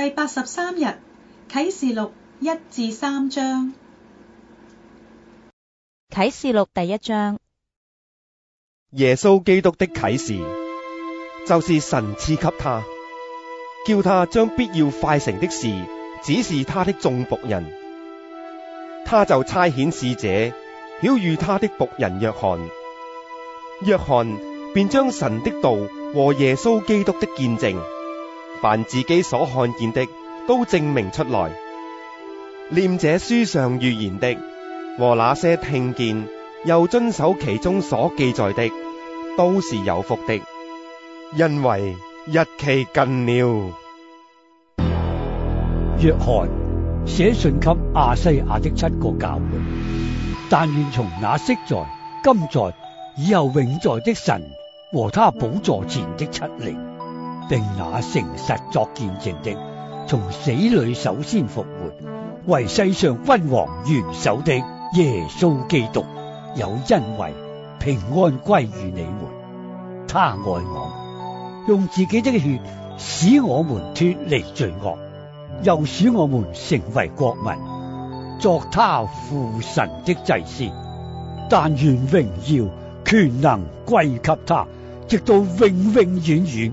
第八十三日，啟示錄一至三章。啟示錄第一章。耶穌基督的啟示，就是神賜給他，叫他將必要快成的事指示他的眾僕人。他就差遣使者曉諭他的僕人約翰，約翰便將神的道和耶穌基督的見證。凡自己所看見的，都證明出來；念這書上預言的，和那些聽見又遵守其中所記載的，都是有福的，因為日期近了。約翰寫信給亞西亞的七個教會，但願從那昔在、今在、以後永在的神和他寶座前的七靈。並那誠實作見證的，從死裏首先復活，為世上君王元首的耶穌基督，有恩惠平安歸於你們。他愛我，用自己的血使我們脫離罪惡，又使我們成為國民，作他父神的祭司。但願榮耀權能歸給他，直到永永遠遠。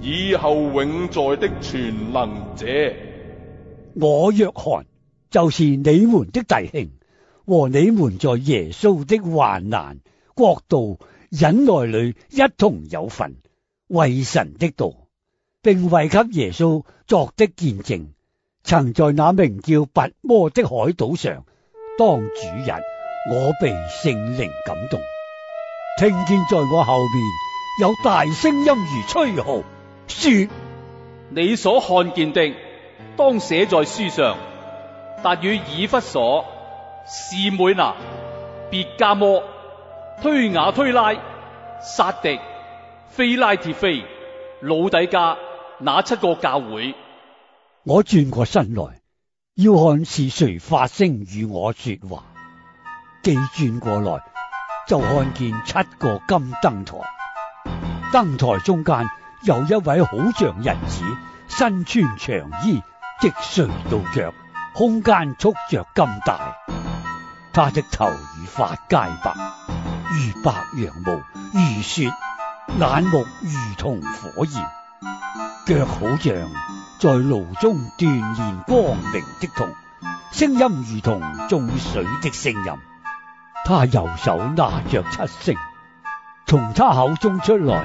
以後永在的全能者。我約翰就是你們的弟兄，和你們在耶穌的患難國度忍耐裏一同有份，為神的道，並為給耶穌作的見證，曾在那名叫拔摩的海島上當主人，我被聖靈感動，聽見在我後邊有大聲音如吹號。書，你所看見的當寫在書上。達與以弗所、士每拿、別迦摩、推雅推拉、撒狄、非拉鐵非、老底家，那七個教會。我轉過身來，要看是誰發聲與我說話。既轉過來，就看見七個金燈檯，燈檯中間。有一位好像人子，身穿長衣，即垂到腳，空間束着咁大。他的頭與髮皆白，如白羊毛，如雪，眼目如同火焰，腳好像在爐中鍛煉光明的銅，聲音如同中水的聲音。他右手拿着七星，從他口中出來，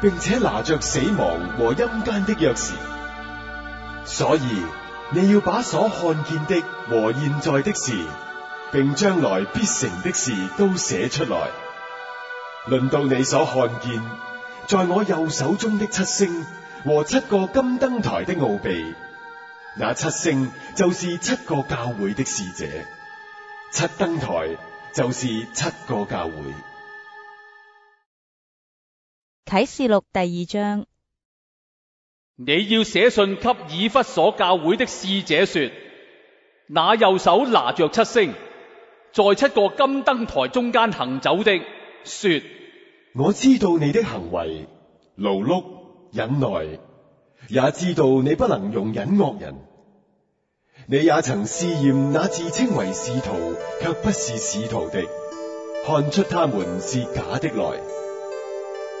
並且拿着死亡和陰間的鑰匙，所以你要把所看見的和現在的事，並將來必成的事都寫出來。論到你所看見，在我右手中的七星和七個金燈台的奧秘，那七星就是七個教會的使者，七燈台就是七個教會。啟示錄第二章，你要寫信給以弗所教會的使者說，那右手拿着七星，在七個金燈台中間行走的說，我知道你的行為勞碌忍耐，也知道你不能容忍惡人，你也曾試驗那自稱為使徒卻不是使徒的，看出他們是假的來。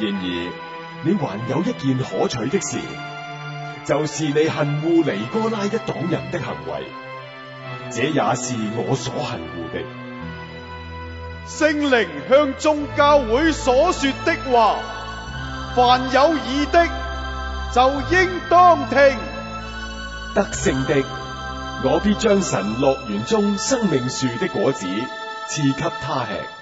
然而，你還有一件可取的事，就是你恨惡尼哥拉一黨人的行為，這也是我所恨惡的。聖靈向眾教會所說的話，凡有耳的就應當聽。得勝的，我必將神樂園中生命樹的果子賜給他吃。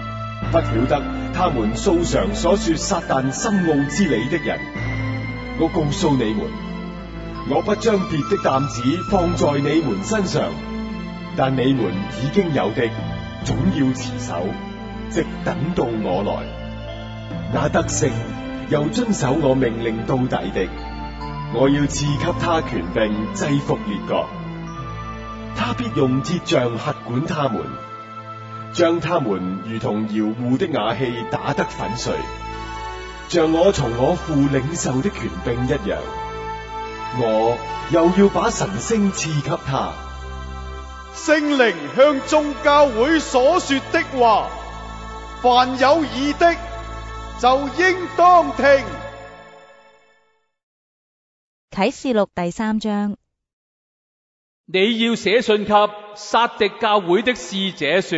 不曉得他們素常所說撒但深奧之理的人，我告訴你們，我不將別的擔子放在你們身上，但你們已經有的，總要持守，直等到我來。那得勝又遵守我命令到底的，我要賜給他權柄，制服列國。他必用鐵杖轄管他們。將他們如同窯戶的瓦器打得粉碎,像我從我父領受的權柄一樣，我又要把晨星賜給他。聖靈向眾教會所說的話，凡有耳的就應當聽。啟示錄第三章，你要寫信給撒狄教會的使者說。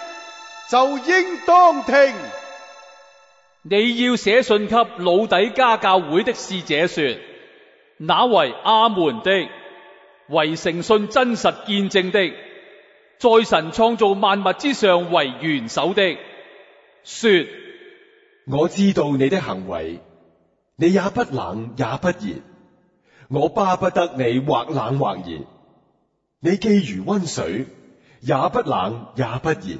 就應當聽。你要寫信給老底加教會的使者說，那為阿門的，為誠信真實見證的，在神創造萬物之上為元首的，說，我知道你的行為，你也不冷也不熱，我巴不得你或冷或熱，你既如溫水，也不冷也不熱。